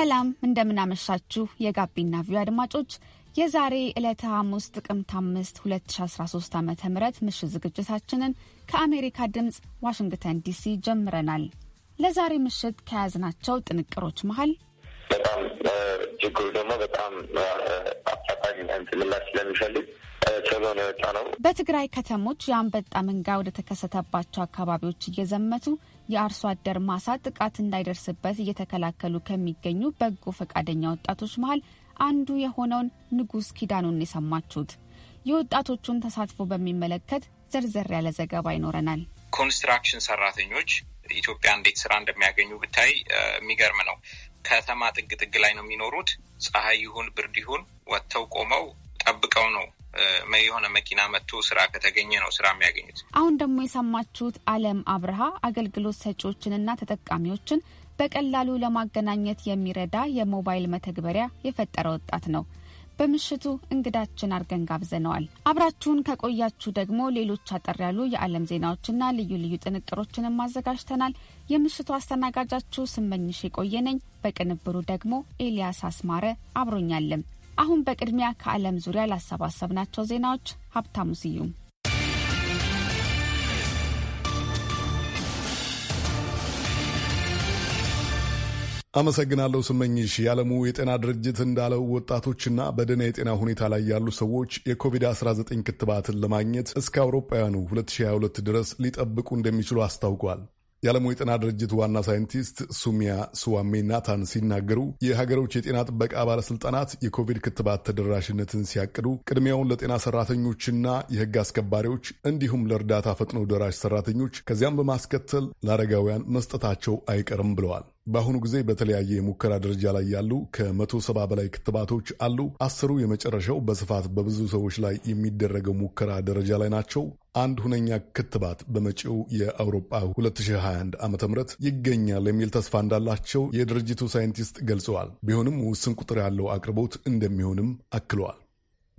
ሰላም እንደምናመሻችሁ የጋቢና ቪዮ አድማጮች የዛሬ ዕለተ ሐሙስ ጥቅምት አምስት 2013 ዓ ም ምሽት ዝግጅታችንን ከአሜሪካ ድምፅ ዋሽንግተን ዲሲ ጀምረናል። ለዛሬ ምሽት ከያዝናቸው ጥንቅሮች መሀል በጣም ችግሩ ደግሞ በጣም አፋጣኝ ምላሽ ስለሚፈልግ ቶሎ የወጣ ነው። በትግራይ ከተሞች የአንበጣ መንጋ ወደ ተከሰተባቸው አካባቢዎች እየዘመቱ የአርሶ አደር ማሳ ጥቃት እንዳይደርስበት እየተከላከሉ ከሚገኙ በጎ ፈቃደኛ ወጣቶች መሀል አንዱ የሆነውን ንጉስ ኪዳኑን የሰማችሁት። የወጣቶቹን ተሳትፎ በሚመለከት ዘርዘር ያለ ዘገባ ይኖረናል። ኮንስትራክሽን ሰራተኞች ኢትዮጵያ እንዴት ስራ እንደሚያገኙ ብታይ የሚገርም ነው። ከተማ ጥግ ጥግ ላይ ነው የሚኖሩት። ፀሐይ ይሁን ብርድ ይሁን ወጥተው ቆመው ጠብቀው ነው የሆነ መኪና መጥቶ ስራ ከተገኘ ነው ስራ የሚያገኙት። አሁን ደግሞ የሰማችሁት አለም አብርሃ አገልግሎት ሰጪዎችንና ተጠቃሚዎችን በቀላሉ ለማገናኘት የሚረዳ የሞባይል መተግበሪያ የፈጠረ ወጣት ነው። በምሽቱ እንግዳችን አድርገን ጋብዘነዋል። አብራችሁን ከቆያችሁ ደግሞ ሌሎች አጠር ያሉ የዓለም ዜናዎችና ልዩ ልዩ ጥንቅሮችንም አዘጋጅተናል። የምሽቱ አስተናጋጃችሁ ስመኝሽ የቆየነኝ፣ በቅንብሩ ደግሞ ኤልያስ አስማረ አብሮኛለም። አሁን በቅድሚያ ከዓለም ዙሪያ ላሰባሰብናቸው ዜናዎች ሀብታሙ ስዩም አመሰግናለሁ ስመኝሽ። የዓለሙ የጤና ድርጅት እንዳለው ወጣቶችና በደህና የጤና ሁኔታ ላይ ያሉ ሰዎች የኮቪድ-19 ክትባትን ለማግኘት እስከ አውሮፓውያኑ 2022 ድረስ ሊጠብቁ እንደሚችሉ አስታውቋል። የዓለሙ የጤና ድርጅት ዋና ሳይንቲስት ሱሚያ ስዋሜ ናታን ሲናገሩ የሀገሮች የጤና ጥበቃ ባለስልጣናት የኮቪድ ክትባት ተደራሽነትን ሲያቅዱ ቅድሚያውን ለጤና ሰራተኞችና የህግ አስከባሪዎች እንዲሁም ለእርዳታ ፈጥኖ ደራሽ ሰራተኞች ከዚያም በማስከተል ለአረጋውያን መስጠታቸው አይቀርም ብለዋል። በአሁኑ ጊዜ በተለያየ የሙከራ ደረጃ ላይ ያሉ ከመቶ ሰባ በላይ ክትባቶች አሉ። አስሩ የመጨረሻው በስፋት በብዙ ሰዎች ላይ የሚደረገው ሙከራ ደረጃ ላይ ናቸው። አንድ ሁነኛ ክትባት በመጪው የአውሮፓ 2021 ዓ ም ይገኛል የሚል ተስፋ እንዳላቸው የድርጅቱ ሳይንቲስት ገልጸዋል። ቢሆንም ውስን ቁጥር ያለው አቅርቦት እንደሚሆንም አክለዋል።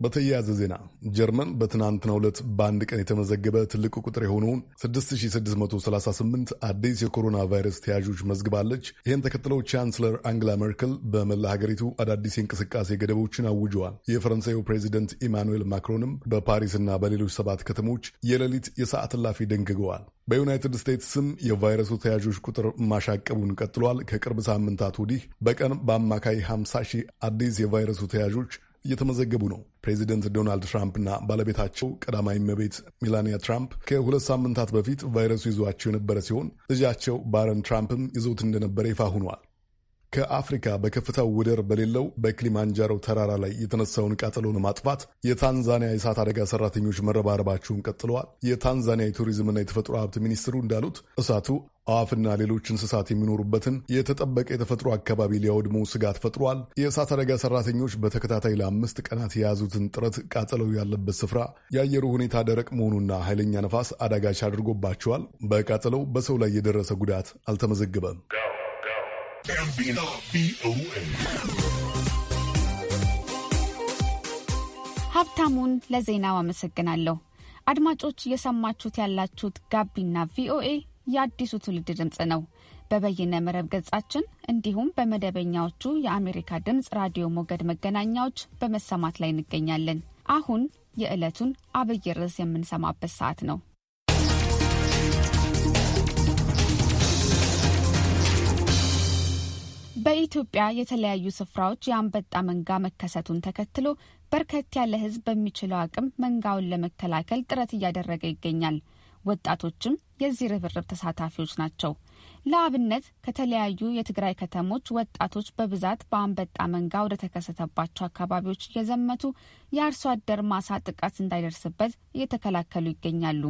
በተያያዘ ዜና ጀርመን በትናንትናው ዕለት በአንድ ቀን የተመዘገበ ትልቅ ቁጥር የሆነውን 6638 አዲስ የኮሮና ቫይረስ ተያዦች መዝግባለች። ይህን ተከትለው ቻንስለር አንግላ ሜርክል በመላ ሀገሪቱ አዳዲስ የእንቅስቃሴ ገደቦችን አውጀዋል። የፈረንሳዩ ፕሬዚደንት ኢማኑኤል ማክሮንም በፓሪስና በሌሎች ሰባት ከተሞች የሌሊት የሰዓት እላፊ ደንግገዋል። በዩናይትድ ስቴትስም የቫይረሱ ተያዦች ቁጥር ማሻቀቡን ቀጥሏል። ከቅርብ ሳምንታት ወዲህ በቀን በአማካይ 50 ሺህ አዲስ የቫይረሱ ተያዦች እየተመዘገቡ ነው። ፕሬዚደንት ዶናልድ ትራምፕና ባለቤታቸው ቀዳማዊ እመቤት ሜላኒያ ትራምፕ ከሁለት ሳምንታት በፊት ቫይረሱ ይዟቸው የነበረ ሲሆን ልጃቸው ባረን ትራምፕም ይዞት እንደነበረ ይፋ ሆኗል። ከአፍሪካ በከፍታው ወደር በሌለው በክሊማንጃሮ ተራራ ላይ የተነሳውን ቃጠሎ ለማጥፋት የታንዛኒያ የእሳት አደጋ ሰራተኞች መረባረባቸውን ቀጥለዋል። የታንዛኒያ የቱሪዝምና የተፈጥሮ ሀብት ሚኒስትሩ እንዳሉት እሳቱ አዋፍና ሌሎች እንስሳት የሚኖሩበትን የተጠበቀ የተፈጥሮ አካባቢ ሊያወድመው ስጋት ፈጥሯል። የእሳት አደጋ ሰራተኞች በተከታታይ ለአምስት ቀናት የያዙትን ጥረት ቃጠለው ያለበት ስፍራ የአየሩ ሁኔታ ደረቅ መሆኑና ኃይለኛ ነፋስ አዳጋች አድርጎባቸዋል። በቃጠለው በሰው ላይ የደረሰ ጉዳት አልተመዘገበም። ጋቢና ቪኦኤ ሀብታሙን ለዜናው አመሰግናለሁ። አድማጮች እየሰማችሁት ያላችሁት ጋቢና ቪኦኤ የአዲሱ ትውልድ ድምፅ ነው። በበይነ መረብ ገጻችን እንዲሁም በመደበኛዎቹ የአሜሪካ ድምፅ ራዲዮ ሞገድ መገናኛዎች በመሰማት ላይ እንገኛለን። አሁን የዕለቱን አብይ ርዕስ የምንሰማበት ሰዓት ነው። በኢትዮጵያ የተለያዩ ስፍራዎች የአንበጣ መንጋ መከሰቱን ተከትሎ በርከት ያለ ሕዝብ በሚችለው አቅም መንጋውን ለመከላከል ጥረት እያደረገ ይገኛል። ወጣቶችም የዚህ ርብርብ ተሳታፊዎች ናቸው። ለአብነት ከተለያዩ የትግራይ ከተሞች ወጣቶች በብዛት በአንበጣ መንጋ ወደ ተከሰተባቸው አካባቢዎች እየዘመቱ የአርሶ አደር ማሳ ጥቃት እንዳይደርስበት እየተከላከሉ ይገኛሉ።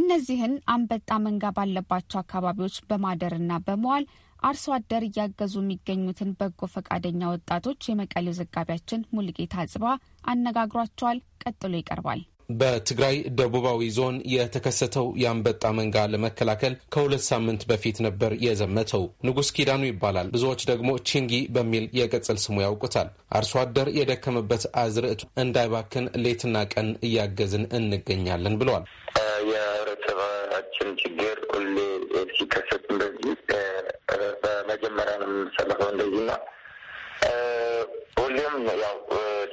እነዚህን አንበጣ መንጋ ባለባቸው አካባቢዎች በማደርና በመዋል አርሶ አደር እያገዙ የሚገኙትን በጎ ፈቃደኛ ወጣቶች የመቀሌው ዘጋቢያችን ሙልጌታ አጽባ አነጋግሯቸዋል። ቀጥሎ ይቀርባል። በትግራይ ደቡባዊ ዞን የተከሰተው የአንበጣ መንጋ ለመከላከል ከሁለት ሳምንት በፊት ነበር የዘመተው። ንጉስ ኪዳኑ ይባላል። ብዙዎች ደግሞ ቺንጊ በሚል የቅጽል ስሙ ያውቁታል። አርሶ አደር የደከመበት አዝርዕቱ እንዳይባክን ሌትና ቀን እያገዝን እንገኛለን ብለዋል። የህብረተሰባችን ችግር ሁሌ ሲከሰት እንደዚህ በመጀመሪያ ነው የምንሰለፈው እንደዚህ ና ሁሌም ያው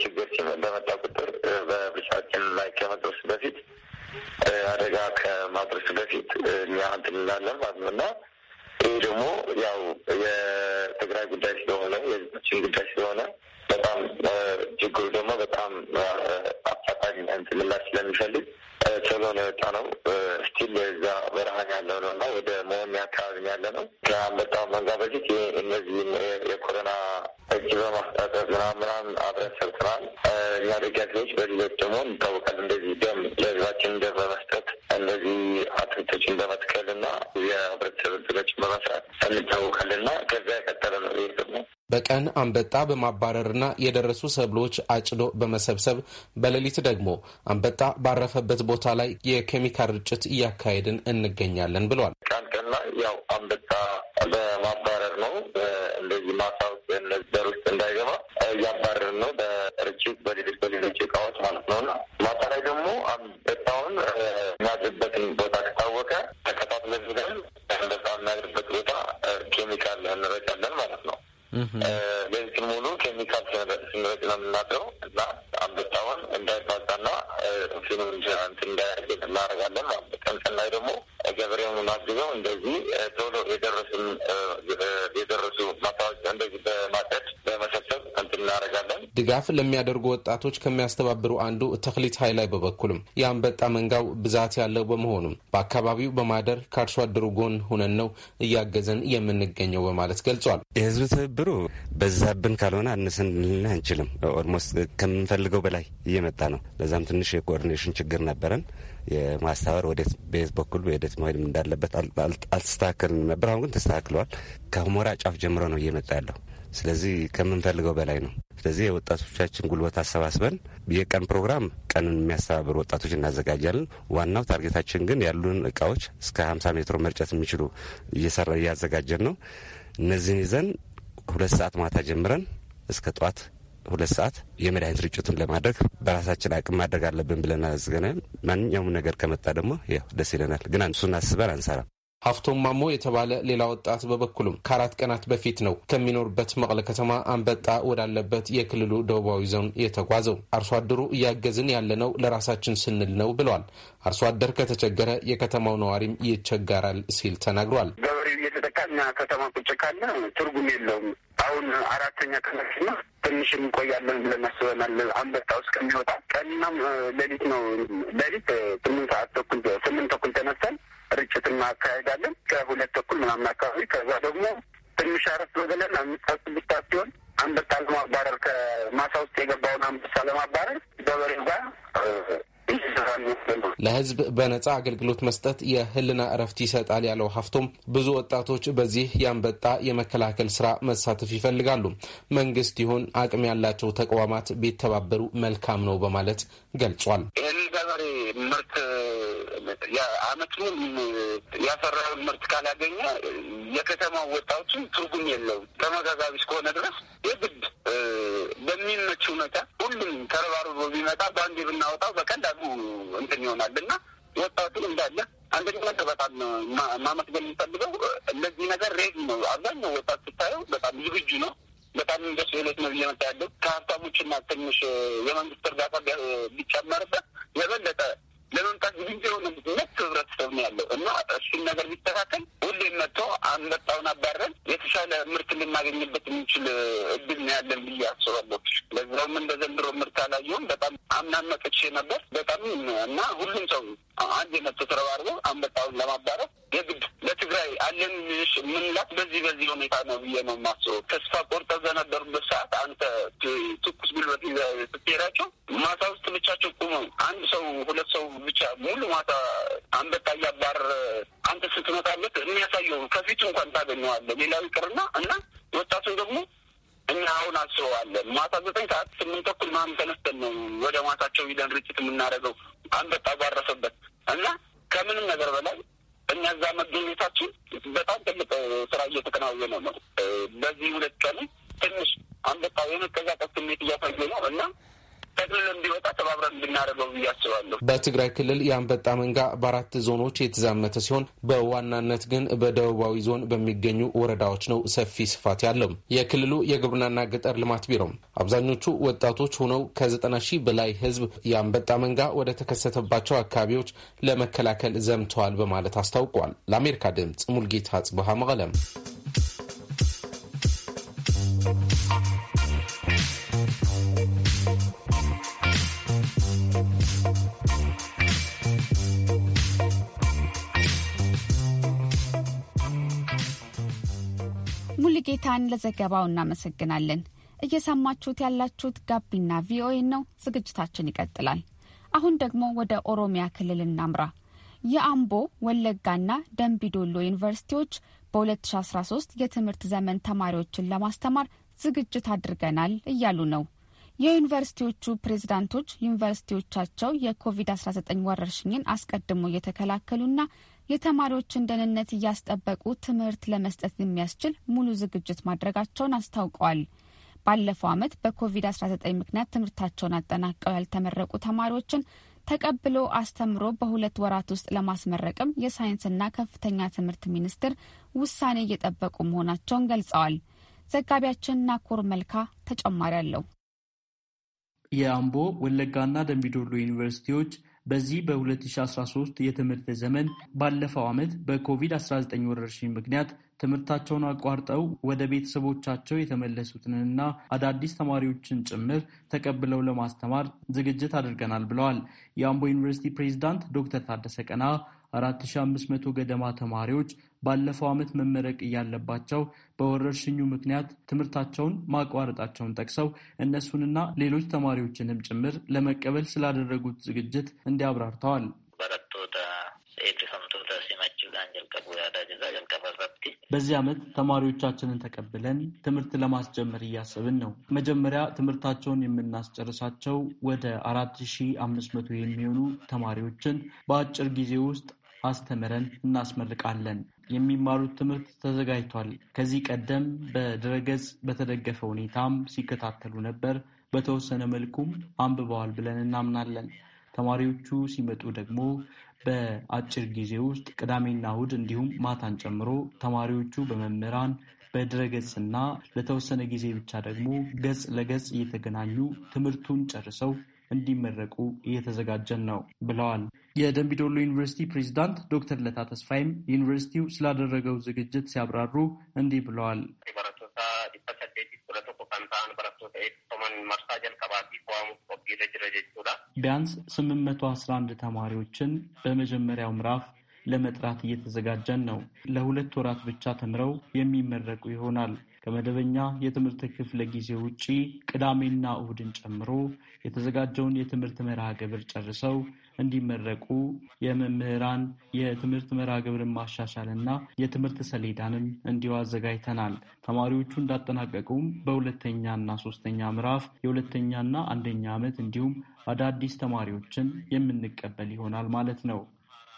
ችግር በመጣ ቁጥር በብቻችን ላይ ከመድረስ በፊት አደጋ ከማድረስ በፊት እኛ እንትን እንላለን ማለት ነው እና ይህ ደግሞ ያው የትግራይ ጉዳይ ስለሆነ የህዝባችን ጉዳይ ስለሆነ በጣም ችግሩ ደግሞ በጣም አፋጣኝ እንትን ምላሽ ስለሚፈልግ ቶሎ ነው የወጣ ነው። ስቲል እዛ በረሃን ያለው ነው እና ወደ መሆን አካባቢ ያለ ነው። ከአንበጣው መንጋ በፊት እነዚህ የኮሮና እጅ በማስታጠብ ምናምናም አብረን ሰርተናል። እኛ ደጋፊዎች በሌሎች ደግሞ እንታወቃል። እንደዚህ ደም ለህዝባችን ደም በመስጠት እነዚህ አትክልቶችን በመትከል እና የህብረተሰብ ድሎችን በመስራት እንታወቃል እና ከዚያ በቀን አንበጣ በማባረርና የደረሱ ሰብሎች አጭዶ በመሰብሰብ በሌሊት ደግሞ አንበጣ ባረፈበት ቦታ ላይ የኬሚካል ርጭት እያካሄድን እንገኛለን ብሏል። ቀን ቀን ላይ ያው አንበጣ ለማባረር ድጋፍ ለሚያደርጉ ወጣቶች ከሚያስተባብሩ አንዱ ተክሊት ሀይላይ በበኩልም የአንበጣ መንጋው ብዛት ያለው በመሆኑም በአካባቢው በማደር ከአርሶ አደሩ ጎን ሁነን ነው እያገዘን የምንገኘው በማለት ገልጿል። የህዝብ ትብብሩ በዛብን ካልሆነ አንስን ልንል አንችልም። ኦልሞስት ከምንፈልገው በላይ እየመጣ ነው። ለዛም ትንሽ የኮኦርዲኔሽን ችግር ነበረን። የማስተባበር ወዴት በህዝብ በኩል ወዴት መሄድ እንዳለበት አልተስተካከልን ነበር። አሁን ግን ተስተካክለዋል። ከሁመራ ጫፍ ጀምሮ ነው እየመጣ ያለው። ስለዚህ ከምንፈልገው በላይ ነው። ስለዚህ የወጣቶቻችን ጉልበት አሰባስበን የቀን ፕሮግራም ቀንን የሚያስተባብሩ ወጣቶች እናዘጋጃለን። ዋናው ታርጌታችን ግን ያሉን እቃዎች እስከ 50 ሜትሮ መርጨት የሚችሉ እየሰራ እያዘጋጀን ነው። እነዚህን ይዘን ሁለት ሰዓት ማታ ጀምረን እስከ ጠዋት ሁለት ሰዓት የመድኃኒት ርጭቱን ለማድረግ በራሳችን አቅም ማድረግ አለብን ብለን አዘገናል። ማንኛውም ነገር ከመጣ ደግሞ ደስ ይለናል፣ ግን እሱን አስበን አንሰራም። ሀፍቶም ማሞ የተባለ ሌላ ወጣት በበኩሉም ከአራት ቀናት በፊት ነው ከሚኖርበት መቀለ ከተማ አንበጣ ወዳለበት የክልሉ ደቡባዊ ዞን የተጓዘው። አርሶ አደሩ እያገዝን ያለነው ለራሳችን ስንል ነው ብለዋል። አርሶ አደር ከተቸገረ የከተማው ነዋሪም ይቸጋራል ሲል ተናግሯል። ገበሬው እየተጠቃ እኛ ከተማ ቁጭ ካለ ትርጉም የለውም። አሁን አራተኛ ቀናችና ትንሽ እንቆያለን ብለን አስበናል። አንበጣው እስከሚወጣ ቀናም ሌሊት ነው። ሌሊት ስምንት ሰዓት ተኩል ስምንት ተኩል ተነሳን ስርጭት እናካሄዳለን ከሁለት ተኩል ምናምን አካባቢ። ከዛ ደግሞ ትንሽ አረፍ ብለን አምስት ስልሳ ሲሆን አንበጣ ለማባረር ከማሳ ውስጥ የገባውን አንበሳ ለማባረር በበሬው ። ጋር ለህዝብ በነጻ አገልግሎት መስጠት የህልና እረፍት ይሰጣል ያለው ሀፍቶም ብዙ ወጣቶች በዚህ ያንበጣ የመከላከል ስራ መሳተፍ ይፈልጋሉ። መንግስት ይሁን አቅም ያላቸው ተቋማት ቢተባበሩ መልካም ነው በማለት ገልጿል። ገበሬ አመቱን ያፈራውን ምርት ካላገኘ የከተማው ወጣቶችን ትርጉም የለው ተመጋጋቢ እስከሆነ ድረስ የግድ በሚመች ሁኔታ ሁሉም ተረባርቦ ቢመጣ በአንዴ ብናወጣው በቀላሉ እንትን ይሆናል እና ወጣቱ እንዳለ አንደኛ ነገር በጣም ማመስገን የሚፈልገው እነዚህ ነገር ሬዲ ነው። አብዛኛው ወጣት ስታየው በጣም ዝግጁ ነው። በጣም ደስ ብሎት ነው እየመጣ ያለው። ከሀብታሞችና ትንሽ የመንግስት እርዳታ ቢጨመርበት የበለጠ ለመምጣት ዝግጁ የሆነ ህብረተሰብ ነው ያለው እና እሱን ነገር ቢስተካከል መጥቶ አንበጣውን አባረን የተሻለ ምርት ልናገኝበት የምንችል እድል ነው ያለን ብዬ አስባለሁ። ለዛውም እንደ ዘንድሮ ምርት አላየሁም። በጣም አምናን መጥቼ ነበር በጣም እና ሁሉም ሰው አንድ የመጥቶ ተረባርቦ አንበጣውን ለማባረር የግድ ለትግራይ አለን ምንላት በዚህ በዚህ ሁኔታ ነው ብዬ ነው የማስበው። ተስፋ ቆርጠው በነበሩበት ሰዓት አንተ ትኩስ ጉልበት ሁላችሁ ቁሙ። አንድ ሰው ሁለት ሰው ብቻ ሙሉ ማታ አንበጣ እያባር አንተ ስትመጣለት የሚያሳየው ከፊቱ እንኳን ታገኘዋለህ። ሌላው ይቅርና እና ወጣቱን ደግሞ እኛ አሁን አስበዋለን። ማታ ዘጠኝ ሰዓት ስምንት ተኩል ምናምን ተነስተን ነው ወደ ማታቸው ሂደን ርጭት የምናደርገው። አንበጣ ባረፈበት እና ከምንም ነገር በላይ እኛ እዛ መገኘታችን በጣም ትልቅ ስራ እየተከናወነ ነው። በዚህ ሁለት ቀን ትንሽ አንበጣ የመቀዛቀዝ ስሜት እያሳየ ነው እና ጠቅልል እንዲወጣ ተባብረን እንድናደርገው ብዬ አስባለሁ። በትግራይ ክልል የአንበጣ መንጋ በአራት ዞኖች የተዛመተ ሲሆን በዋናነት ግን በደቡባዊ ዞን በሚገኙ ወረዳዎች ነው ሰፊ ስፋት ያለው። የክልሉ የግብርናና ገጠር ልማት ቢሮ አብዛኞቹ ወጣቶች ሆነው ከዘጠና ሺህ በላይ ህዝብ የአንበጣ መንጋ ወደ ተከሰተባቸው አካባቢዎች ለመከላከል ዘምተዋል በማለት አስታውቋል። ለአሜሪካ ድምፅ ሙልጌታ ጽብሃ መቀለም ሙልጌታን ለዘገባው እናመሰግናለን። እየሰማችሁት ያላችሁት ጋቢና ቪኦኤ ነው። ዝግጅታችን ይቀጥላል። አሁን ደግሞ ወደ ኦሮሚያ ክልል እናምራ። የአምቦ ወለጋና ደንቢዶሎ ዩኒቨርሲቲዎች በ2013 የትምህርት ዘመን ተማሪዎችን ለማስተማር ዝግጅት አድርገናል እያሉ ነው። የዩኒቨርሲቲዎቹ ፕሬዝዳንቶች ዩኒቨርሲቲዎቻቸው የኮቪድ-19 ወረርሽኝን አስቀድሞ እየተከላከሉና የተማሪዎችን ደህንነት እያስጠበቁ ትምህርት ለመስጠት የሚያስችል ሙሉ ዝግጅት ማድረጋቸውን አስታውቀዋል። ባለፈው ዓመት በኮቪድ-19 ምክንያት ትምህርታቸውን አጠናቀው ያልተመረቁ ተማሪዎችን ተቀብሎ አስተምሮ በሁለት ወራት ውስጥ ለማስመረቅም የሳይንስና ከፍተኛ ትምህርት ሚኒስቴር ውሳኔ እየጠበቁ መሆናቸውን ገልጸዋል። ዘጋቢያችን ናኮር መልካ ተጨማሪ አለው። የአምቦ ወለጋና ደምቢዶሎ ዩኒቨርሲቲዎች በዚህ በ2013 የትምህርት ዘመን ባለፈው ዓመት በኮቪድ-19 ወረርሽኝ ምክንያት ትምህርታቸውን አቋርጠው ወደ ቤተሰቦቻቸው የተመለሱትንና አዳዲስ ተማሪዎችን ጭምር ተቀብለው ለማስተማር ዝግጅት አድርገናል ብለዋል። የአምቦ ዩኒቨርሲቲ ፕሬዚዳንት ዶክተር ታደሰ ቀና 4500 ገደማ ተማሪዎች ባለፈው ዓመት መመረቅ እያለባቸው በወረርሽኙ ምክንያት ትምህርታቸውን ማቋረጣቸውን ጠቅሰው እነሱንና ሌሎች ተማሪዎችንም ጭምር ለመቀበል ስላደረጉት ዝግጅት እንዲያብራርተዋል። በዚህ ዓመት ተማሪዎቻችንን ተቀብለን ትምህርት ለማስጀመር እያሰብን ነው። መጀመሪያ ትምህርታቸውን የምናስጨርሳቸው ወደ አራት ሺህ አምስት መቶ የሚሆኑ ተማሪዎችን በአጭር ጊዜ ውስጥ አስተምረን እናስመርቃለን። የሚማሩት ትምህርት ተዘጋጅቷል። ከዚህ ቀደም በድረገጽ በተደገፈ ሁኔታም ሲከታተሉ ነበር። በተወሰነ መልኩም አንብበዋል ብለን እናምናለን። ተማሪዎቹ ሲመጡ ደግሞ በአጭር ጊዜ ውስጥ ቅዳሜና እሁድ እንዲሁም ማታን ጨምሮ ተማሪዎቹ በመምህራን በድረገጽና ለተወሰነ ጊዜ ብቻ ደግሞ ገጽ ለገጽ እየተገናኙ ትምህርቱን ጨርሰው እንዲመረቁ እየተዘጋጀን ነው ብለዋል። የደንቢዶሎ ዩኒቨርሲቲ ፕሬዚዳንት ዶክተር ለታ ተስፋይም ዩኒቨርሲቲው ስላደረገው ዝግጅት ሲያብራሩ እንዲህ ብለዋል። ቢያንስ 811 ተማሪዎችን በመጀመሪያው ምዕራፍ ለመጥራት እየተዘጋጀን ነው። ለሁለት ወራት ብቻ ተምረው የሚመረቁ ይሆናል። ከመደበኛ የትምህርት ክፍለ ጊዜ ውጪ ቅዳሜና እሁድን ጨምሮ የተዘጋጀውን የትምህርት መርሃ ግብር ጨርሰው እንዲመረቁ የመምህራን የትምህርት መርሃ ግብርን ማሻሻልና የትምህርት ሰሌዳንም እንዲሁ አዘጋጅተናል። ተማሪዎቹ እንዳጠናቀቁም በሁለተኛና ሶስተኛ ምዕራፍ የሁለተኛና አንደኛ ዓመት እንዲሁም አዳዲስ ተማሪዎችን የምንቀበል ይሆናል ማለት ነው።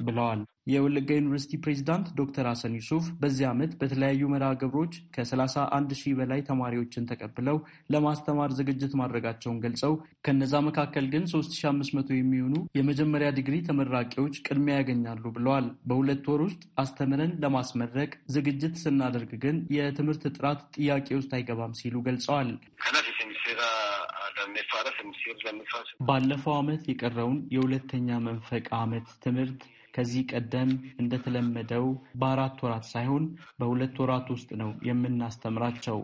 ብለዋል። የወለጋ ዩኒቨርሲቲ ፕሬዚዳንት ዶክተር ሀሰን ዩሱፍ በዚህ ዓመት በተለያዩ መርሃ ግብሮች ከ31 ሺህ በላይ ተማሪዎችን ተቀብለው ለማስተማር ዝግጅት ማድረጋቸውን ገልጸው ከነዛ መካከል ግን 3500 የሚሆኑ የመጀመሪያ ዲግሪ ተመራቂዎች ቅድሚያ ያገኛሉ ብለዋል። በሁለት ወር ውስጥ አስተምረን ለማስመረቅ ዝግጅት ስናደርግ ግን የትምህርት ጥራት ጥያቄ ውስጥ አይገባም ሲሉ ገልጸዋል። ባለፈው ዓመት የቀረውን የሁለተኛ መንፈቅ ዓመት ትምህርት ከዚህ ቀደም እንደተለመደው በአራት ወራት ሳይሆን በሁለት ወራት ውስጥ ነው የምናስተምራቸው።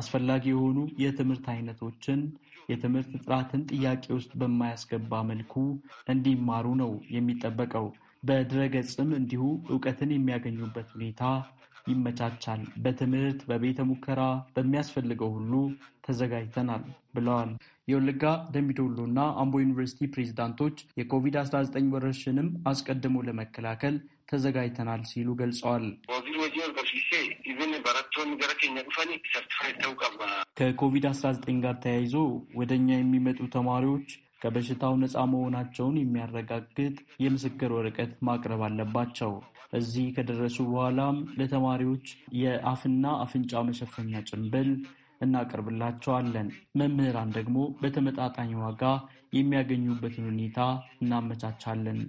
አስፈላጊ የሆኑ የትምህርት አይነቶችን የትምህርት ጥራትን ጥያቄ ውስጥ በማያስገባ መልኩ እንዲማሩ ነው የሚጠበቀው። በድረገጽም እንዲሁ እውቀትን የሚያገኙበት ሁኔታ ይመቻቻል። በትምህርት በቤተ ሙከራ በሚያስፈልገው ሁሉ ተዘጋጅተናል ብለዋል። የወለጋ ደምቢዶሎ እና አምቦ ዩኒቨርሲቲ ፕሬዚዳንቶች የኮቪድ-19 ወረርሽንም አስቀድሞ ለመከላከል ተዘጋጅተናል ሲሉ ገልጸዋል። ከኮቪድ-19 ጋር ተያይዞ ወደ እኛ የሚመጡ ተማሪዎች ከበሽታው ነፃ መሆናቸውን የሚያረጋግጥ የምስክር ወረቀት ማቅረብ አለባቸው። እዚህ ከደረሱ በኋላም ለተማሪዎች የአፍና አፍንጫ መሸፈኛ ጭንብል እናቀርብላቸዋለን። መምህራን ደግሞ በተመጣጣኝ ዋጋ የሚያገኙበትን ሁኔታ እናመቻቻለን።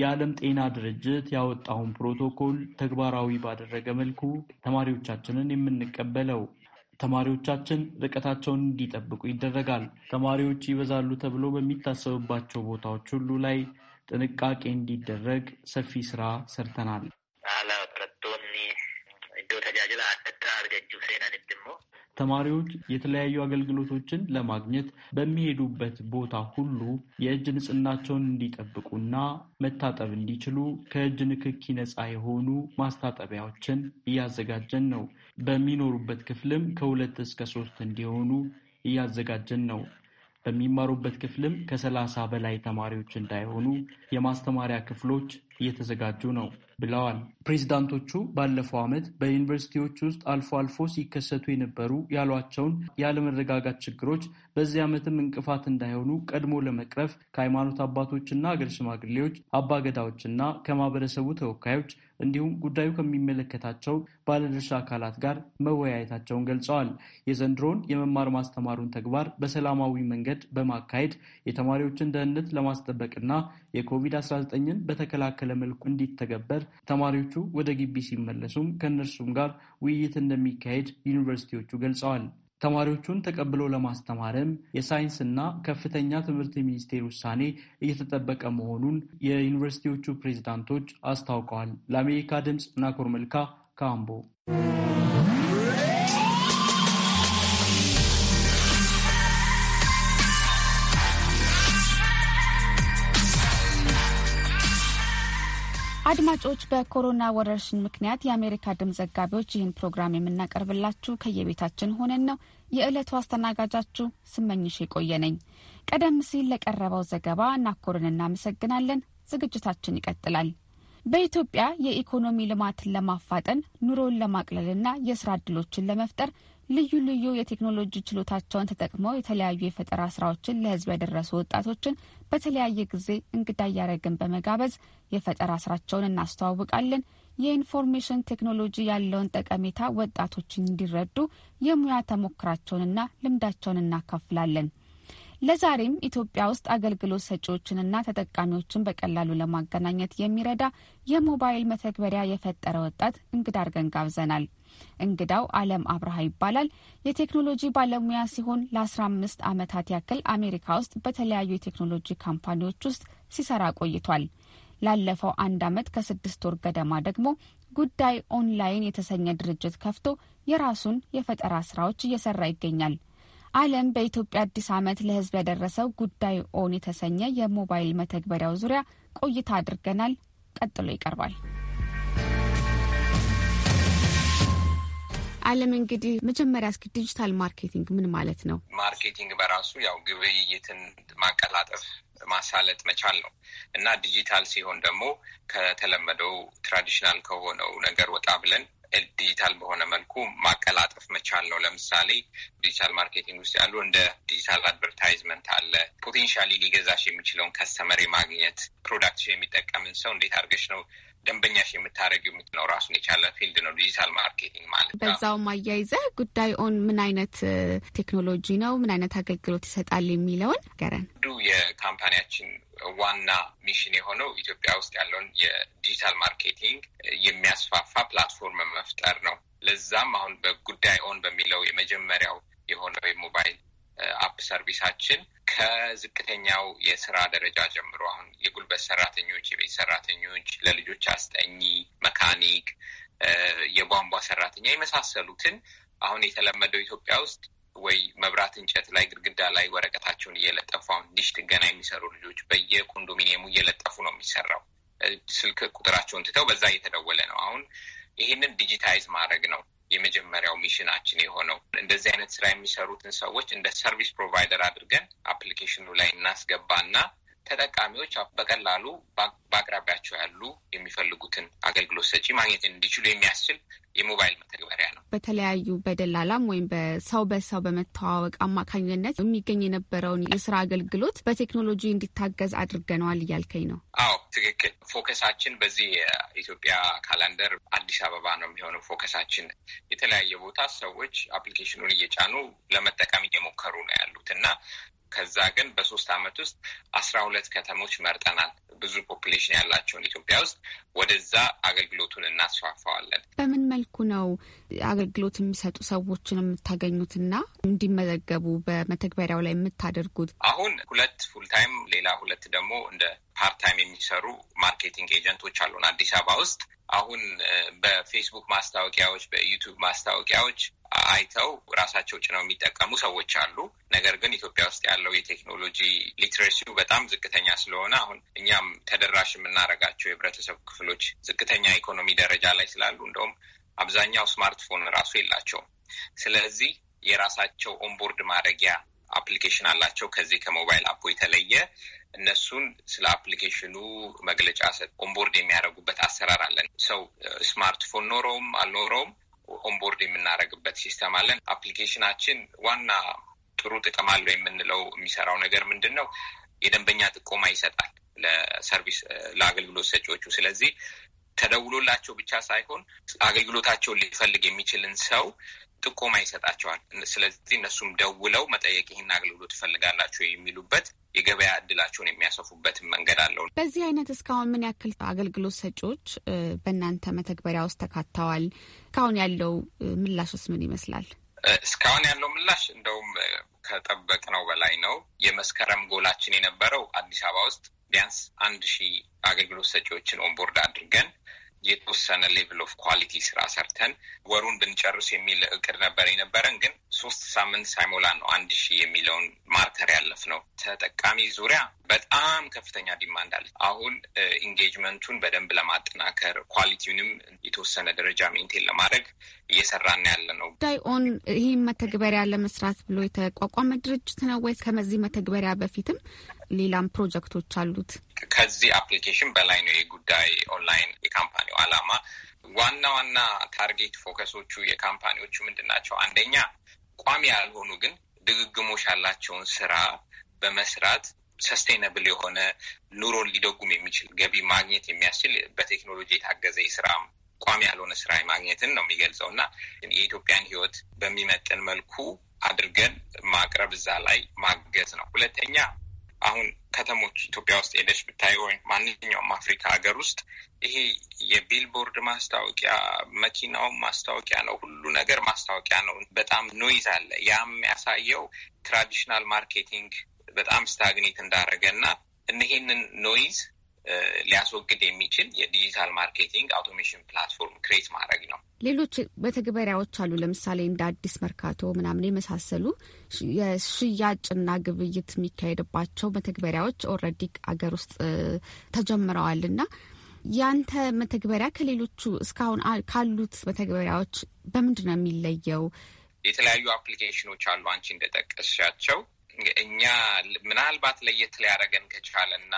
የዓለም ጤና ድርጅት ያወጣውን ፕሮቶኮል ተግባራዊ ባደረገ መልኩ ተማሪዎቻችንን የምንቀበለው ተማሪዎቻችን ርቀታቸውን እንዲጠብቁ ይደረጋል። ተማሪዎች ይበዛሉ ተብሎ በሚታሰብባቸው ቦታዎች ሁሉ ላይ ጥንቃቄ እንዲደረግ ሰፊ ስራ ሰርተናል። ተማሪዎች የተለያዩ አገልግሎቶችን ለማግኘት በሚሄዱበት ቦታ ሁሉ የእጅ ንጽህናቸውን እንዲጠብቁና መታጠብ እንዲችሉ ከእጅ ንክኪ ነፃ የሆኑ ማስታጠቢያዎችን እያዘጋጀን ነው። በሚኖሩበት ክፍልም ከሁለት እስከ ሶስት እንዲሆኑ እያዘጋጀን ነው። በሚማሩበት ክፍልም ከሰላሳ በላይ ተማሪዎች እንዳይሆኑ የማስተማሪያ ክፍሎች እየተዘጋጁ ነው ብለዋል። ፕሬዚዳንቶቹ ባለፈው ዓመት በዩኒቨርሲቲዎች ውስጥ አልፎ አልፎ ሲከሰቱ የነበሩ ያሏቸውን ያለመረጋጋት ችግሮች በዚህ ዓመትም እንቅፋት እንዳይሆኑ ቀድሞ ለመቅረፍ ከሃይማኖት አባቶችና አገር ሽማግሌዎች፣ አባገዳዎችና ከማህበረሰቡ ተወካዮች እንዲሁም ጉዳዩ ከሚመለከታቸው ባለድርሻ አካላት ጋር መወያየታቸውን ገልጸዋል። የዘንድሮውን የመማር ማስተማሩን ተግባር በሰላማዊ መንገድ በማካሄድ የተማሪዎችን ደህንነት ለማስጠበቅና የኮቪድ-19ን በተከላከለ ባለ መልኩ እንዲተገበር ተማሪዎቹ ወደ ግቢ ሲመለሱም ከእነርሱም ጋር ውይይት እንደሚካሄድ ዩኒቨርሲቲዎቹ ገልጸዋል። ተማሪዎቹን ተቀብሎ ለማስተማርም የሳይንስና ከፍተኛ ትምህርት ሚኒስቴር ውሳኔ እየተጠበቀ መሆኑን የዩኒቨርሲቲዎቹ ፕሬዝዳንቶች አስታውቀዋል። ለአሜሪካ ድምፅ ናኮር መልካ ካምቦ አድማጮች በኮሮና ወረርሽኝ ምክንያት የአሜሪካ ድምፅ ዘጋቢዎች ይህን ፕሮግራም የምናቀርብላችሁ ከየቤታችን ሆነን ነው። የዕለቱ አስተናጋጃችሁ ስመኝሽ የቆየ ነኝ። ቀደም ሲል ለቀረበው ዘገባ እናኮርን እናመሰግናለን። ዝግጅታችን ይቀጥላል። በኢትዮጵያ የኢኮኖሚ ልማትን ለማፋጠን ኑሮን ለማቅለልና የስራ ዕድሎችን ለመፍጠር ልዩ ልዩ የቴክኖሎጂ ችሎታቸውን ተጠቅመው የተለያዩ የፈጠራ ስራዎችን ለህዝብ ያደረሱ ወጣቶችን በተለያየ ጊዜ እንግዳ እያደረግን በመጋበዝ የፈጠራ ስራቸውን እናስተዋውቃለን። የኢንፎርሜሽን ቴክኖሎጂ ያለውን ጠቀሜታ ወጣቶችን እንዲረዱ የሙያ ተሞክራቸውንና ልምዳቸውን እናካፍላለን። ለዛሬም ኢትዮጵያ ውስጥ አገልግሎት ሰጪዎችንና ተጠቃሚዎችን በቀላሉ ለማገናኘት የሚረዳ የሞባይል መተግበሪያ የፈጠረ ወጣት እንግዳ አድርገን ጋብዘናል። እንግዳው አለም አብርሃ ይባላል። የቴክኖሎጂ ባለሙያ ሲሆን ለ15 ዓመታት ያክል አሜሪካ ውስጥ በተለያዩ የቴክኖሎጂ ካምፓኒዎች ውስጥ ሲሰራ ቆይቷል። ላለፈው አንድ ዓመት ከስድስት ወር ገደማ ደግሞ ጉዳይ ኦንላይን የተሰኘ ድርጅት ከፍቶ የራሱን የፈጠራ ስራዎች እየሰራ ይገኛል። አለም በኢትዮጵያ አዲስ ዓመት ለህዝብ ያደረሰው ጉዳይ ኦን የተሰኘ የሞባይል መተግበሪያው ዙሪያ ቆይታ አድርገናል። ቀጥሎ ይቀርባል። አለም እንግዲህ መጀመሪያ እስኪ ዲጂታል ማርኬቲንግ ምን ማለት ነው? ማርኬቲንግ በራሱ ያው ግብይትን ማቀላጠፍ ማሳለጥ መቻል ነው እና ዲጂታል ሲሆን ደግሞ ከተለመደው ትራዲሽናል ከሆነው ነገር ወጣ ብለን ዲጂታል በሆነ መልኩ ማቀላጠፍ መቻል ነው። ለምሳሌ ዲጂታል ማርኬቲንግ ውስጥ ያሉ እንደ ዲጂታል አድቨርታይዝመንት አለ። ፖቴንሻሊ ሊገዛሽ የሚችለውን ከስተመር ማግኘት ፕሮዳክትሽ የሚጠቀምን ሰው እንዴት አድርገሽ ነው ደንበኛሽ የምታደረጊው የምትነው ራሱን የቻለ ፊልድ ነው ዲጂታል ማርኬቲንግ ማለት ነው። በዛውም አያይዘ ጉዳይ ኦን ምን አይነት ቴክኖሎጂ ነው ምን አይነት አገልግሎት ይሰጣል የሚለውን ገረን ዱ የካምፓኒያችን ዋና ሚሽን የሆነው ኢትዮጵያ ውስጥ ያለውን የዲጂታል ማርኬቲንግ የሚያስፋፋ ፕላትፎርም መፍጠር ነው። ለዛም አሁን በጉዳይ ኦን በሚለው የመጀመሪያው የሆነው የሞባይል አፕ ሰርቪሳችን ከዝቅተኛው የስራ ደረጃ ጀምሮ አሁን የጉልበት ሰራተኞች፣ የቤት ሰራተኞች፣ ለልጆች አስጠኚ፣ መካኒክ፣ የቧንቧ ሰራተኛ የመሳሰሉትን አሁን የተለመደው ኢትዮጵያ ውስጥ ወይ መብራት እንጨት ላይ ግድግዳ ላይ ወረቀታቸውን እየለጠፉ አሁን ዲሽ ጥገና የሚሰሩ ልጆች በየኮንዶሚኒየሙ እየለጠፉ ነው የሚሰራው። ስልክ ቁጥራቸውን ትተው በዛ እየተደወለ ነው። አሁን ይህንን ዲጂታይዝ ማድረግ ነው የመጀመሪያው ሚሽናችን የሆነው እንደዚህ አይነት ስራ የሚሰሩትን ሰዎች እንደ ሰርቪስ ፕሮቫይደር አድርገን አፕሊኬሽኑ ላይ እናስገባና ተጠቃሚዎች በቀላሉ በአቅራቢያቸው ያሉ የሚፈልጉትን አገልግሎት ሰጪ ማግኘት እንዲችሉ የሚያስችል የሞባይል መተግበሪያ ነው። በተለያዩ በደላላም ወይም በሰው በሰው በመተዋወቅ አማካኝነት የሚገኝ የነበረውን የስራ አገልግሎት በቴክኖሎጂ እንዲታገዝ አድርገነዋል እያልከኝ ነው? አዎ ትክክል። ፎከሳችን በዚህ የኢትዮጵያ ካላንደር አዲስ አበባ ነው የሚሆነው። ፎከሳችን የተለያየ ቦታ ሰዎች አፕሊኬሽኑን እየጫኑ ለመጠቀም እየሞከሩ ነው ያሉት እና ከዛ ግን በሶስት አመት ውስጥ አስራ ሁለት ከተሞች መርጠናል። ብዙ ፖፕሌሽን ያላቸውን ኢትዮጵያ ውስጥ ወደዛ አገልግሎቱን እናስፋፋዋለን። በምን መልኩ ነው አገልግሎት የሚሰጡ ሰዎችን የምታገኙትና እንዲመዘገቡ በመተግበሪያው ላይ የምታደርጉት? አሁን ሁለት ፉልታይም ሌላ ሁለት ደግሞ እንደ ፓርታይም የሚሰሩ ማርኬቲንግ ኤጀንቶች አሉን አዲስ አበባ ውስጥ። አሁን በፌስቡክ ማስታወቂያዎች፣ በዩቱብ ማስታወቂያዎች አይተው ራሳቸው ጭነው የሚጠቀሙ ሰዎች አሉ። ነገር ግን ኢትዮጵያ ውስጥ ያለው የቴክኖሎጂ ሊትሬሲው በጣም ዝቅተኛ ስለሆነ አሁን እኛም ተደራሽ የምናደርጋቸው የህብረተሰብ ክፍሎች ዝቅተኛ ኢኮኖሚ ደረጃ ላይ ስላሉ እንደውም አብዛኛው ስማርትፎን ራሱ የላቸውም። ስለዚህ የራሳቸው ኦንቦርድ ማድረጊያ አፕሊኬሽን አላቸው። ከዚህ ከሞባይል አፕ የተለየ እነሱን ስለ አፕሊኬሽኑ መግለጫ ሰጥ ኦንቦርድ የሚያደርጉበት አሰራር አለን። ሰው ስማርትፎን ኖረውም አልኖረውም ኦንቦርድ የምናደርግበት ሲስተም አለን። አፕሊኬሽናችን ዋና ጥሩ ጥቅም አለው የምንለው የሚሰራው ነገር ምንድን ነው? የደንበኛ ጥቆማ ይሰጣል ለሰርቪስ ለአገልግሎት ሰጪዎቹ። ስለዚህ ተደውሎላቸው ብቻ ሳይሆን አገልግሎታቸውን ሊፈልግ የሚችልን ሰው ጥቆማ ይሰጣቸዋል። ስለዚህ እነሱም ደውለው መጠየቅ ይህን አገልግሎት ይፈልጋላቸው የሚሉበት የገበያ እድላቸውን የሚያሰፉበት መንገድ አለው። በዚህ አይነት እስካሁን ምን ያክል አገልግሎት ሰጪዎች በእናንተ መተግበሪያ ውስጥ ተካተዋል? እስካሁን ያለው ምላሽስ ምን ይመስላል? እስካሁን ያለው ምላሽ እንደውም ከጠበቅነው በላይ ነው። የመስከረም ጎላችን የነበረው አዲስ አበባ ውስጥ ቢያንስ አንድ ሺህ አገልግሎት ሰጪዎችን ኦንቦርድ አድርገን የተወሰነ ሌቭል ኦፍ ኳሊቲ ስራ ሰርተን ወሩን ብንጨርስ የሚል እቅድ ነበር የነበረን። ግን ሶስት ሳምንት ሳይሞላ ነው አንድ ሺህ የሚለውን ማርከር ያለፍ ነው። ተጠቃሚ ዙሪያ በጣም ከፍተኛ ዲማንድ አለ። አሁን ኢንጌጅመንቱን በደንብ ለማጠናከር ኳሊቲውንም የተወሰነ ደረጃ ሜንቴን ለማድረግ እየሰራን ያለ ነው። ዳይ ኦን ይህም መተግበሪያ ለመስራት ብሎ የተቋቋመ ድርጅት ነው ወይስ ከመዚህ መተግበሪያ በፊትም ሌላም ፕሮጀክቶች አሉት። ከዚህ አፕሊኬሽን በላይ ነው የጉዳይ ኦንላይን የካምፓኒው አላማ። ዋና ዋና ታርጌት ፎከሶቹ የካምፓኒዎቹ ምንድን ናቸው? አንደኛ ቋሚ ያልሆኑ ግን ድግግሞሽ ያላቸውን ስራ በመስራት ሰስቴነብል የሆነ ኑሮን ሊደጉም የሚችል ገቢ ማግኘት የሚያስችል በቴክኖሎጂ የታገዘ የስራ ቋሚ ያልሆነ ስራ ማግኘትን ነው የሚገልጸው እና የኢትዮጵያን ሕይወት በሚመጥን መልኩ አድርገን ማቅረብ እዛ ላይ ማገዝ ነው። ሁለተኛ አሁን ከተሞች ኢትዮጵያ ውስጥ ሄደች ብታይ ወይም ማንኛውም አፍሪካ ሀገር ውስጥ ይሄ የቢልቦርድ ማስታወቂያ፣ መኪናው ማስታወቂያ ነው፣ ሁሉ ነገር ማስታወቂያ ነው። በጣም ኖይዝ አለ። ያም ያሳየው ትራዲሽናል ማርኬቲንግ በጣም ስታግኔት እንዳደረገ እና እነሄንን ኖይዝ ሊያስወግድ የሚችል የዲጂታል ማርኬቲንግ አውቶሜሽን ፕላትፎርም ክሬት ማድረግ ነው። ሌሎች መተግበሪያዎች አሉ። ለምሳሌ እንደ አዲስ መርካቶ ምናምን የመሳሰሉ የሽያጭና ግብይት የሚካሄድባቸው መተግበሪያዎች ኦልሬዲ አገር ውስጥ ተጀምረዋል ያንተ መተግበሪያ ከሌሎቹ እስካሁን ካሉት መተግበሪያዎች በምንድን ነው የሚለየው? የተለያዩ አፕሊኬሽኖች አሉ አንቺ እንደጠቀስሻቸው እኛ ምናልባት ለየት ሊያደርገን ከቻለ እና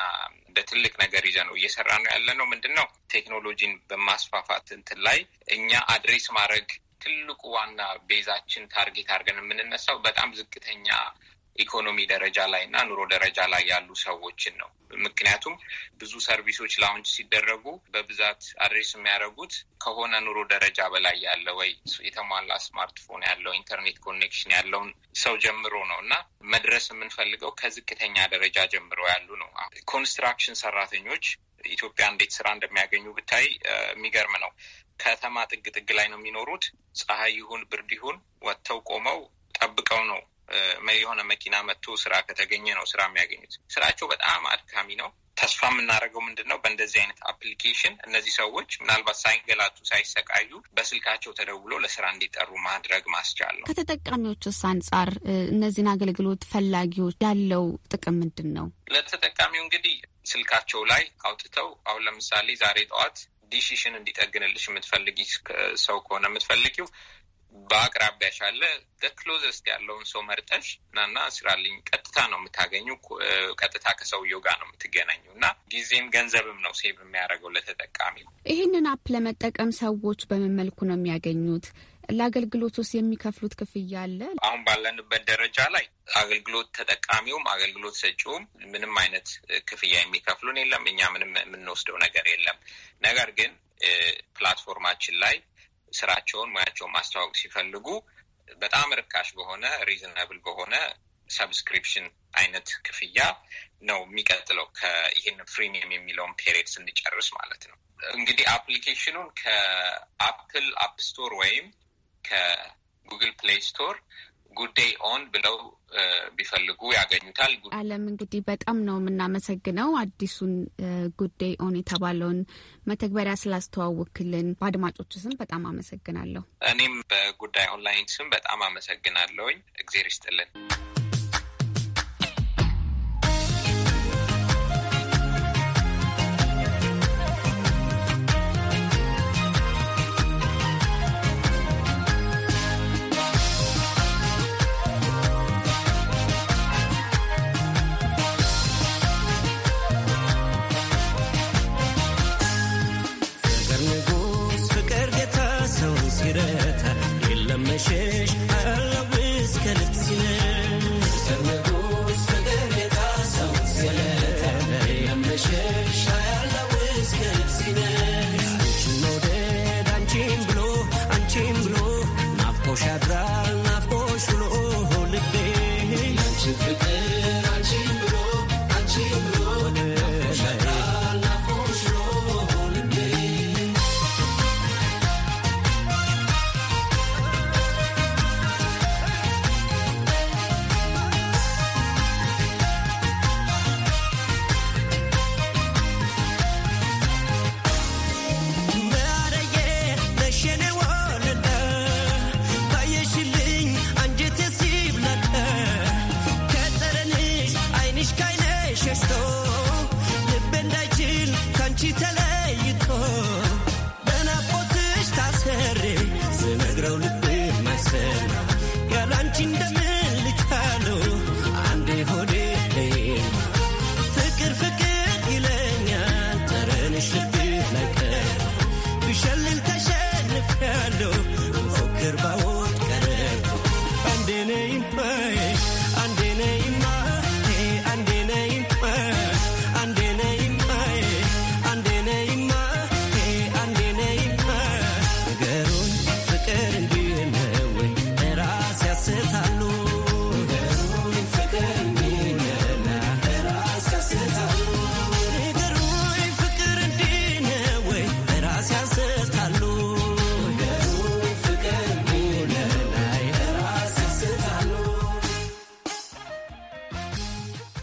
እንደ ትልቅ ነገር ይዘ ነው እየሰራ ነው ያለ ነው ምንድን ነው ቴክኖሎጂን በማስፋፋት እንትን ላይ እኛ አድሬስ ማድረግ ትልቁ ዋና ቤዛችን ታርጌት አድርገን የምንነሳው በጣም ዝቅተኛ ኢኮኖሚ ደረጃ ላይ እና ኑሮ ደረጃ ላይ ያሉ ሰዎችን ነው። ምክንያቱም ብዙ ሰርቪሶች ላውንች ሲደረጉ በብዛት አድሬስ የሚያደርጉት ከሆነ ኑሮ ደረጃ በላይ ያለ ወይ የተሟላ ስማርትፎን ያለው ኢንተርኔት ኮኔክሽን ያለውን ሰው ጀምሮ ነው እና መድረስ የምንፈልገው ከዝቅተኛ ደረጃ ጀምሮ ያሉ ነው። ኮንስትራክሽን ሰራተኞች ኢትዮጵያ እንዴት ስራ እንደሚያገኙ ብታይ የሚገርም ነው። ከተማ ጥግ ጥግ ላይ ነው የሚኖሩት። ፀሐይ ይሁን ብርድ ይሁን ወጥተው ቆመው ጠብቀው ነው የሆነ መኪና መጥቶ ስራ ከተገኘ ነው ስራ የሚያገኙት። ስራቸው በጣም አድካሚ ነው። ተስፋ የምናደርገው ምንድን ነው? በእንደዚህ አይነት አፕሊኬሽን እነዚህ ሰዎች ምናልባት ሳይንገላቱ ሳይሰቃዩ በስልካቸው ተደውሎ ለስራ እንዲጠሩ ማድረግ ማስቻል ነው። ከተጠቃሚዎችስ አንጻር እነዚህን አገልግሎት ፈላጊዎች ያለው ጥቅም ምንድን ነው? ለተጠቃሚው እንግዲህ ስልካቸው ላይ አውጥተው አሁን ለምሳሌ ዛሬ ጠዋት ዲሽሽን እንዲጠግንልሽ የምትፈልጊ ሰው ከሆነ የምትፈልጊው በአቅራቢያሽ ያለ ክሎዘስት ያለውን ሰው መርጠሽ እናና ስራልኝ። ቀጥታ ነው የምታገኙ፣ ቀጥታ ከሰውየው ጋር ነው የምትገናኙ እና ጊዜም ገንዘብም ነው ሴቭ የሚያደርገው ለተጠቃሚው። ይህንን አፕ ለመጠቀም ሰዎች በምን መልኩ ነው የሚያገኙት? ለአገልግሎት ውስጥ የሚከፍሉት ክፍያ አለ? አሁን ባለንበት ደረጃ ላይ አገልግሎት ተጠቃሚውም አገልግሎት ሰጪውም ምንም አይነት ክፍያ የሚከፍሉን የለም። እኛ ምንም የምንወስደው ነገር የለም። ነገር ግን ፕላትፎርማችን ላይ ስራቸውን፣ ሙያቸውን ማስተዋወቅ ሲፈልጉ በጣም ርካሽ በሆነ ሪዝናብል በሆነ ሰብስክሪፕሽን አይነት ክፍያ ነው የሚቀጥለው ከይህን ፍሪሚየም የሚለውን ፔሪድ ስንጨርስ ማለት ነው። እንግዲህ አፕሊኬሽኑን ከአፕል አፕ ስቶር ወይም ከጉግል ፕሌይ ስቶር ጉዳይ ኦን ብለው ቢፈልጉ ያገኙታል። አለም እንግዲህ በጣም ነው የምናመሰግነው አዲሱን ጉዳይ ኦን የተባለውን መተግበሪያ ስላስተዋወክልን በአድማጮች ስም በጣም አመሰግናለሁ። እኔም በጉዳይ ኦንላይን ስም በጣም አመሰግናለሁኝ። እግዜር ይስጥልን። ምህረት የለም Tell talaka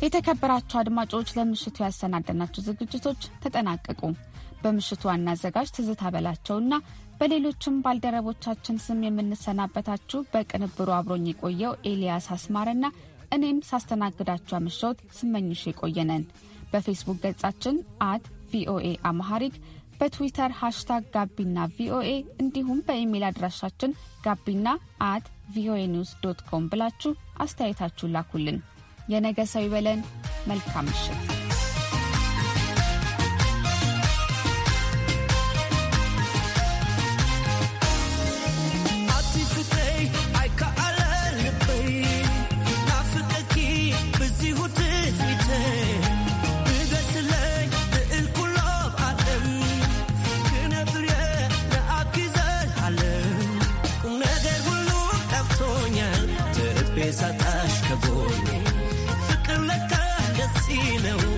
የተከበራቸው አድማጮች ለምሽቱ ያሰናደናቸው ዝግጅቶች ተጠናቀቁ። በምሽቱ ዋና አዘጋጅ ትዝታ በላቸውና በሌሎችም ባልደረቦቻችን ስም የምንሰናበታችሁ በቅንብሩ አብሮኝ የቆየው ኤልያስ አስማረና እኔም ሳስተናግዳችሁ አምሾት ስመኝሽ የቆየነን። በፌስቡክ ገጻችን አት ቪኦኤ አማሐሪክ በትዊተር ሃሽታግ ጋቢና ቪኦኤ እንዲሁም በኢሜይል አድራሻችን ጋቢና አት ቪኦኤ ኒውስ ዶት ኮም ብላችሁ አስተያየታችሁን ላኩልን። የነገ ሰው ይበለን። መልካም ምሽት። Casino.